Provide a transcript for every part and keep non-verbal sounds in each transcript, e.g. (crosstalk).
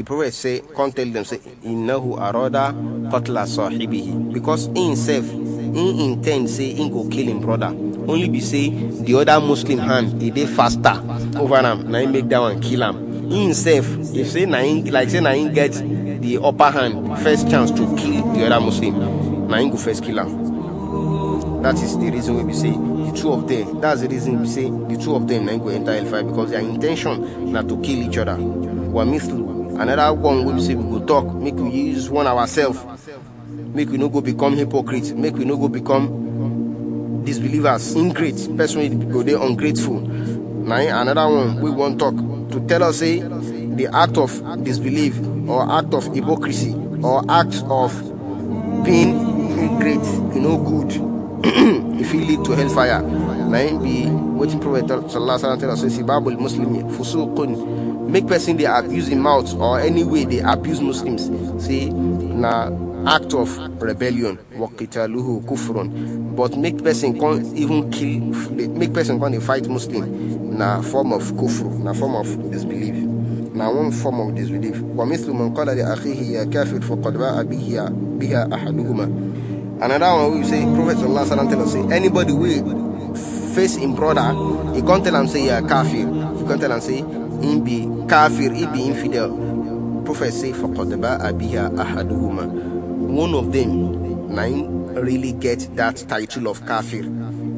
The Prophet say, "Don't tell them, say, Innahu arada qatla sahibihi. Because in self, he intend say, he go kill him brother. Only be say, the other Muslim hand, he dey faster over him. Now he make that one kill him. He self, if say, na like say, na him get the upper hand, first chance to kill the other Muslim. Na him go first kill him. That is the reason we be say, the two of them. That's the reason we say the two of them then go enter hellfire because their intention not to kill each other. ومثل another one we be say we go talk make we use one ourselves make we no go become hypocrite make we no go become disbelievers ingrate personally go they ungrateful now another one we won't talk to tell us say the act of disbelief or act of hypocrisy or act of being ingrate you know good (clears throat) if you lead to hellfire na be wetin prophet sallallahu alaihi wasallam tell us say sibabul muslimi fusuqun make person they abuse him mouth or any way they abuse Muslims. See, na act of rebellion. kufrun. But make person can't even kill, make person can't fight Muslim. Na form of kufru, na form of disbelief. Na one form of disbelief. ومثل من قال لأخيه يا كافر فقد باء biha بها أحدهما. Another one we say, Prophet Allah tell us say, anybody we face in brother, he can't tell him say, yeah, kafir. He can't tell him say, in be kafir, he be infidel. Prophet say, فَقَدْبَا أَبِيهَا أَحَدُهُمَا One of them, nine, really get that title of kafir,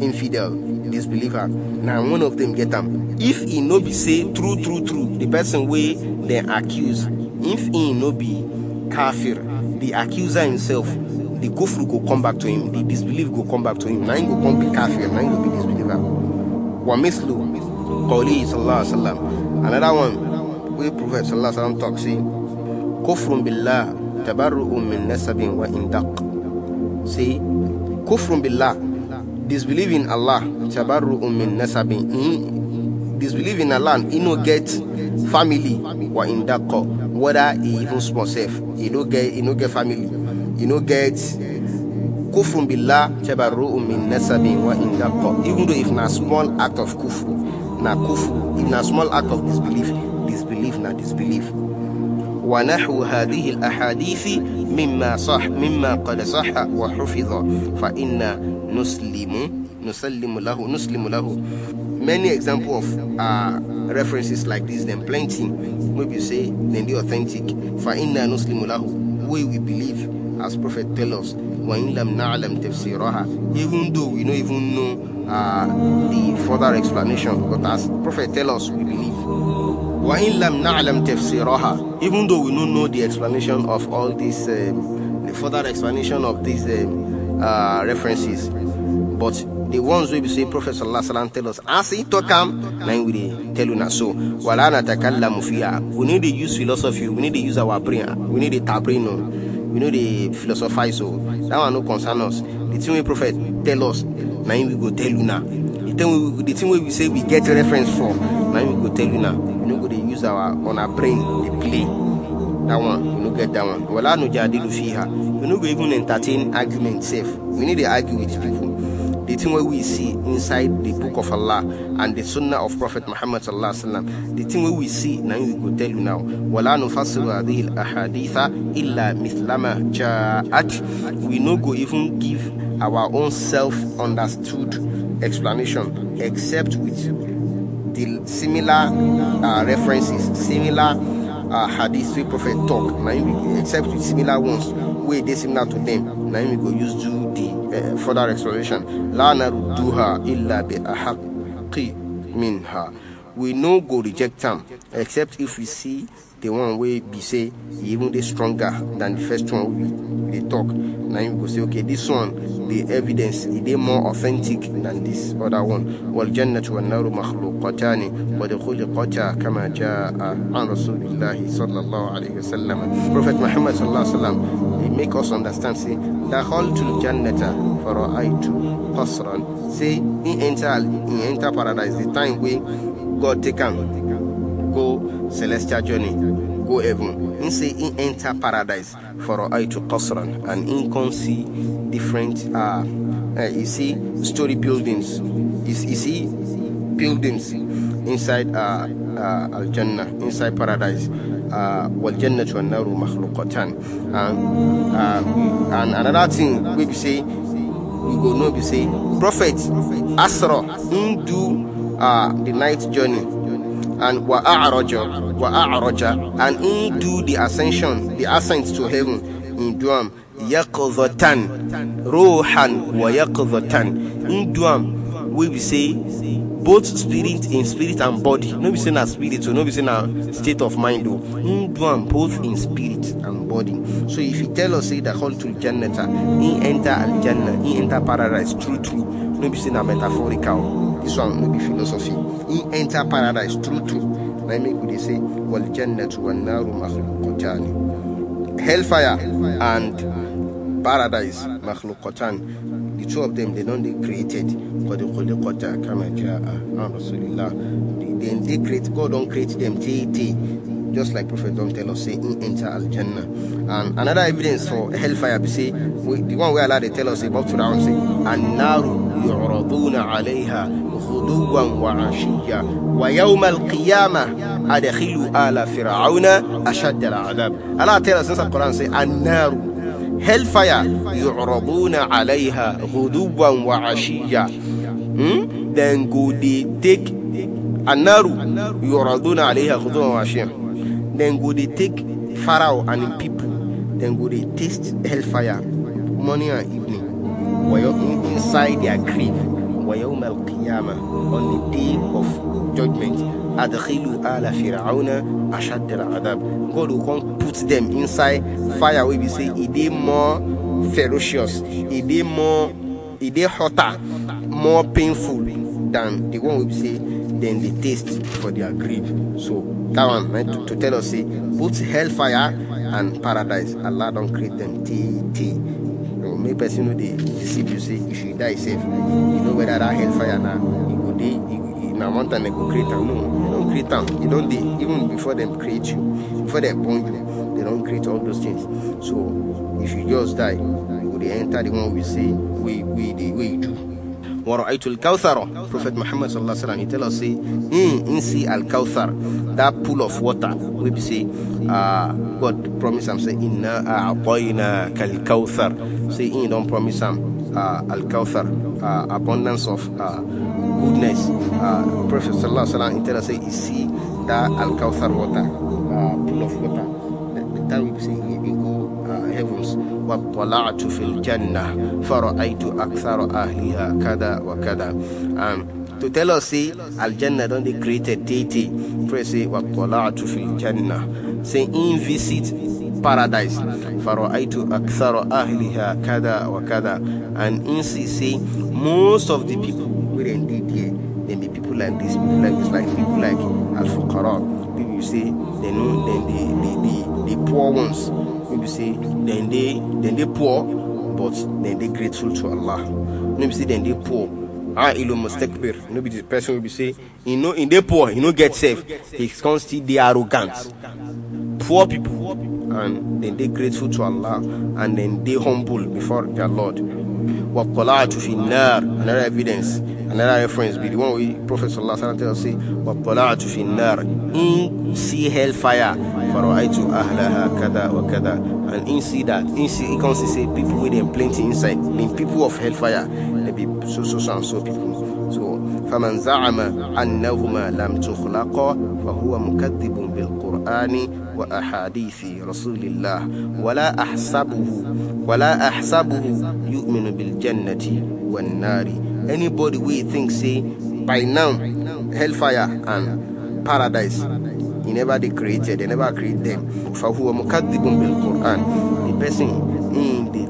infidel, disbeliever. Now one of them get them. If he no be say true, true, true, the person way they accuse. If he no be kafir, the accuser himself, the kufru go come back to him, the disbelief go come back to him. Now go come be kafir, now go be disbeliever. Wa mislu, qawli sallallahu alaihi wasallam. Another one, we prophet sallallahu alaihi wasallam say kufrun billah tabarru'un min nasabin wa indaq say kufrun billah disbelief in allah tabarru'un min nasabin in disbelief in allah e no get family wa indaq whether e even small self you know get you know get family e no get kufrun billah tabarru'un min nasabin wa indaq even though if na small act of kufr, na kufr, if na small act of disbelief disbelief and my disbelief ونحو هذه الأحاديث مما صح مما قد صح وحفظ فإن نسلم نسلم له نسلم له many example of uh, references like this then plenty maybe say then the authentic فإن نسلم له we we believe as prophet tell us وإن لم نعلم تفسيرها even though we don't even know uh, the further explanation but as prophet tell us we believe وَإِنْ لَمْ نَعْلَمْ تَفْسِيرَهَا Even though we don't know the explanation of all this, um, the further explanation of these um, uh, references, but the ones we be say Prophet sallallahu alaihi wasallam tell us as he talk am, na we dey tell una so. وَلَا نَتَكَلَّمُ فِيهَا We need to use philosophy. We need to use our brain. We need to tap brain. Oh. We need to philosophize. So oh. that one no concern us. The thing wey Prophet tell us, na we go tell una. The thing we, the thing we say we get reference for, na we go tell una is on our brain we play that one we no get that one wala no jadilu fiha we no go even entertain argument sef we need to argue with people the thing where we see inside the book of Allah and the sunnah of Prophet Muhammad sallallahu alaihi wasallam the thing where we see now we go tell you now wala nufassilu hadhihi al-ahaditha illa mithlama ja'at we no go even give our own self understood explanation except with similar uh, references, similar uh, hadith wey prophet talk except with similar ones wey are similar to them Now we go use do the uh, further exploration la narudduha illa bi ahaqi minha we no go reject them, except if we see the one wey be say e even dey stronger than the first one we dey talk na him go say okay this one the evidence e dey more authentic than this other one والجنة والنار مخلوقتان قد خلقتا كما جاء عن رسول الله صلى الله عليه وسلم Prophet Muhammad صلى الله عليه وسلم he make us understand say دخلت الجنة فرأيت قصرا say he enter he enter paradise the time wey God take am go celestial journey, go heaven. In say in enter paradise for eye to Qasran and in can see different uh, uh, you see story buildings. You, you see buildings inside uh, ah, uh, ah, Al Jannah, inside paradise. Uh, والجنة والنار مخلوقتان and, uh, and another thing we say you go know we say prophet Asra do uh, the night journey and wa'a'raja, wa'a'raja, and undo the ascension, the ascent to heaven in Duam, yaqzatan, ruhan wa yaqzatan. In Duam, we will say both spirit in spirit and body. No be saying na spirit, so oh, no be saying na state of mind. Though. In Duam, both in spirit and body. So if you tell us, say, the whole to Jannata, he enter Al Jannah, he enter paradise, true, true. No be saying a metaphorical. This one no be philosophy. He enter paradise, true, true. Let me could say, Wal Jannatu wal Naru Makhlukotani. Hellfire and paradise, Makhlukotani the two of them they don't they created God kama jaa Rasulillah. Then they create God don't create them. They, just like Prophet John tell us, say, he enter Al Jannah. And another evidence for hellfire, we say, we, the one where Allah they tell us about to round, say, and now يعرضون عليها غدوا وعشيا ويوم القيامة أدخلوا آل فرعون أشد العذاب Allah tell us in the Quran say النار hellfire يعرضون عليها غدوا وعشيا hmm? then go they take النار يعرضون عليها غدوا وعشيا Then go they take Pharaoh and the people. Then go they taste hellfire morning and evening. While inside their grave. ويوم القيامة on the day of judgment أدخلوا آل فرعون أشد العذاب God will come put them inside fire We be say it dey more ferocious it dey more it dey hotter more painful than the one we be say them the taste for their grief. So that one meant to, to tell us say both hellfire and paradise, Allah don't create them T T. You know, make person know they deceive you say you should die safe. You know whether that hellfire now you go day you now one time they go create them. No, they don't create them. You don't they even before them create you, before they born you, they don't create all those things. So if you just die, you go they enter the one we say we we the way you do waraitul Kauthar. prophet muhammad sallallahu alaihi wasallam he tell us say hmm in al Kauthar, that pool of water we be say uh, god promise him, say inna a'tayna kal kawthar say he don't promise him uh, al Kauthar, uh, abundance of uh, goodness uh, prophet sallallahu alaihi wasallam he tell us say he see that al Kauthar water uh, pool of water that, that we be say heavens وَطَلَعْتُ فِي الْجَنَّةِ فَرَأَيْتُ أَكْثَرَ أَهْلِهَا كَذَا وَكَذَا um, to tell us, say, Al Jannah don't they deity. Pray, say, Wakola'atu fil Jannah. Say, in visit paradise. Fara'aitu akthara ahliha kada wa kada. And in see, most of the people were indeed here. Then be people like this, people like this, like people like Al Fuqara. People you say, they know, then the, the, the, the poor ones. Maybe say then they then they poor, but then they grateful to Allah. Maybe say then they poor. Ah, Elon Musk takbir. Maybe the person will be say, you know, in they poor, you know, get safe. He can't see the arrogance. Poor people, and then they grateful to Allah, and then they humble before their Lord. What to فِي النَّارِ Another evidence, another reference be the one we Prophet Sallallahu Alaihi Wasallam tells us say, وَطَلَعْتُ فِي النَّارِ In see hellfire. فرأيت أهلها كذا وكذا and in see that in see you can see say people with them plenty inside mean people of hellfire they be so so so so people so فمن زعم أنهما لم تخلقا فهو مكذب بالقرآن وأحاديث رسول الله ولا أحسبه ولا أحسبه يؤمن بالجنة والنار anybody we think say by now hellfire and paradise he never they created, they never create them. فَهُوَ who بِالْقُرْآنِ The person in the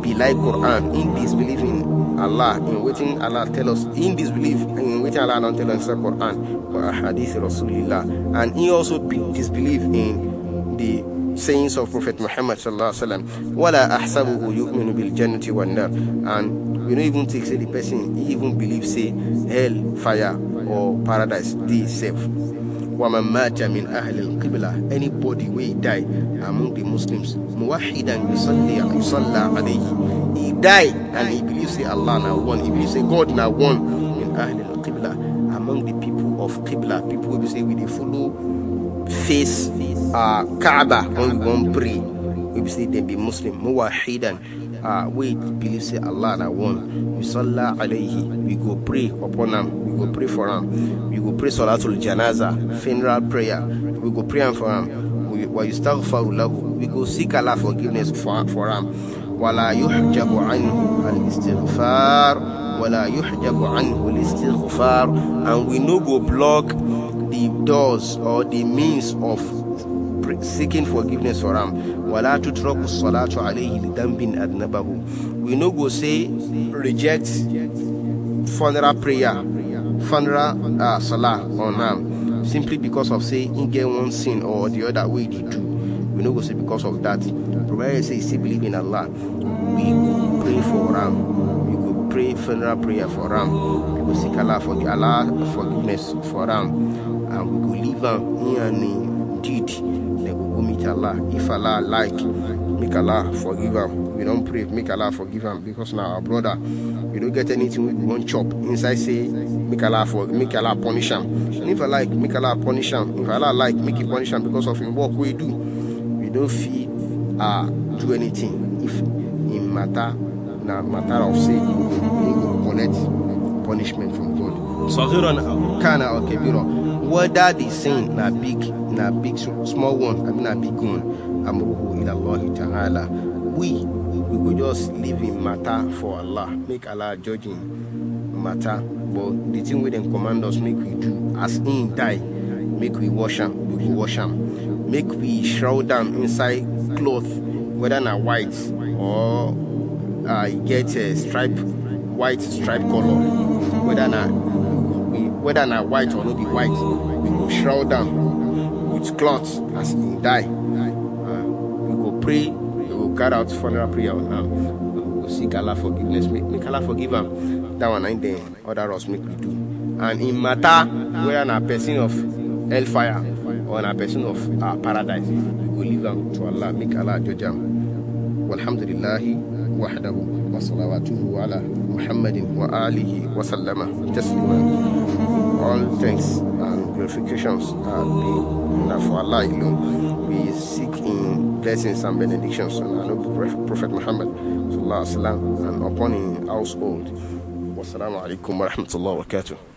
belied Quran, in disbelief in Allah, in waiting Allah tell us, in disbelief, in waiting Allah don't tell us the Quran, or Hadith Rasulullah. And he also disbelief in the sayings of Prophet Muhammad sallallahu alaihi wasallam. Wala ahsabuhu yu'minu bil jannati wan And we don't even take say the person he even believes say hell, fire or paradise, the safe. ومن مات من أهل القبلة anybody will die among the Muslims موحدا يصلي يصلى عليه he died and he believes Allah now one he believes God now one من أهل القبلة among the people of Qibla people who say we they follow face uh, Kaaba on one pray we say they be Muslim موحدا ah wait believe say allah na one we salla alayhi we go pray upon him. we go pray for him. we go pray salatul janaza funeral prayer we go pray am for him. we we go seek allah forgiveness for, for am ولا يحجب عنه الاستغفار ولا يحجب عنه الاستغفار and we no go block the doors or the means of seeking forgiveness for am wala tutraku salatu alayhi lidambin adnabahu we no go say reject funeral prayer funeral uh, salah on him, simply because of say he get one sin or the other way he do we no go say because of that provided say still believe in allah we pray for him. we could pray funeral prayer for him we could seek allah for the allah forgiveness for him, and we could leave him in your name. Allah. If Allah like, make Allah forgive him. We don't pray, make Allah forgive him. Because now our brother, we don't get anything with one chop. Inside say, make Allah for make Allah punish him. And if I like, make Allah punish him. If Allah like, make him punish him because of him work we do. We don't feed uh ah, do anything. If in matter now matter of say we connect punishment from God. So kana or kebiro. What the saying now big not big small one, I mean not big one. Amruhu ilallahi ta'ala. We, we will just leave in matter for Allah. Make Allah judge matter. But the thing with them command us, make we do. As in die, make we wash him, we will wash him. Make we shroud them inside cloth, whether na white or uh, get a uh, stripe, white stripe color, whether na whether na white or not be white, we go shroud them with cloth as he die. Uh, we go pray, we go carry out funeral prayer on We go seek Allah forgiveness. Make, make Allah forgive him. That one ain't there. Other us make we do. And in matter where a person of hellfire or a person of uh, paradise, we go leave them to Allah. Make Allah judge am. Walhamdulillahi. وحده وصلواته على محمد وآله وسلم تسليما all thanks and glorifications and be that for Allah alone we seek in blessings and benedictions on our Prophet Muhammad وسلم, and upon his household. Wassalamu alaikum wa rahmatullahi wa barakatuh.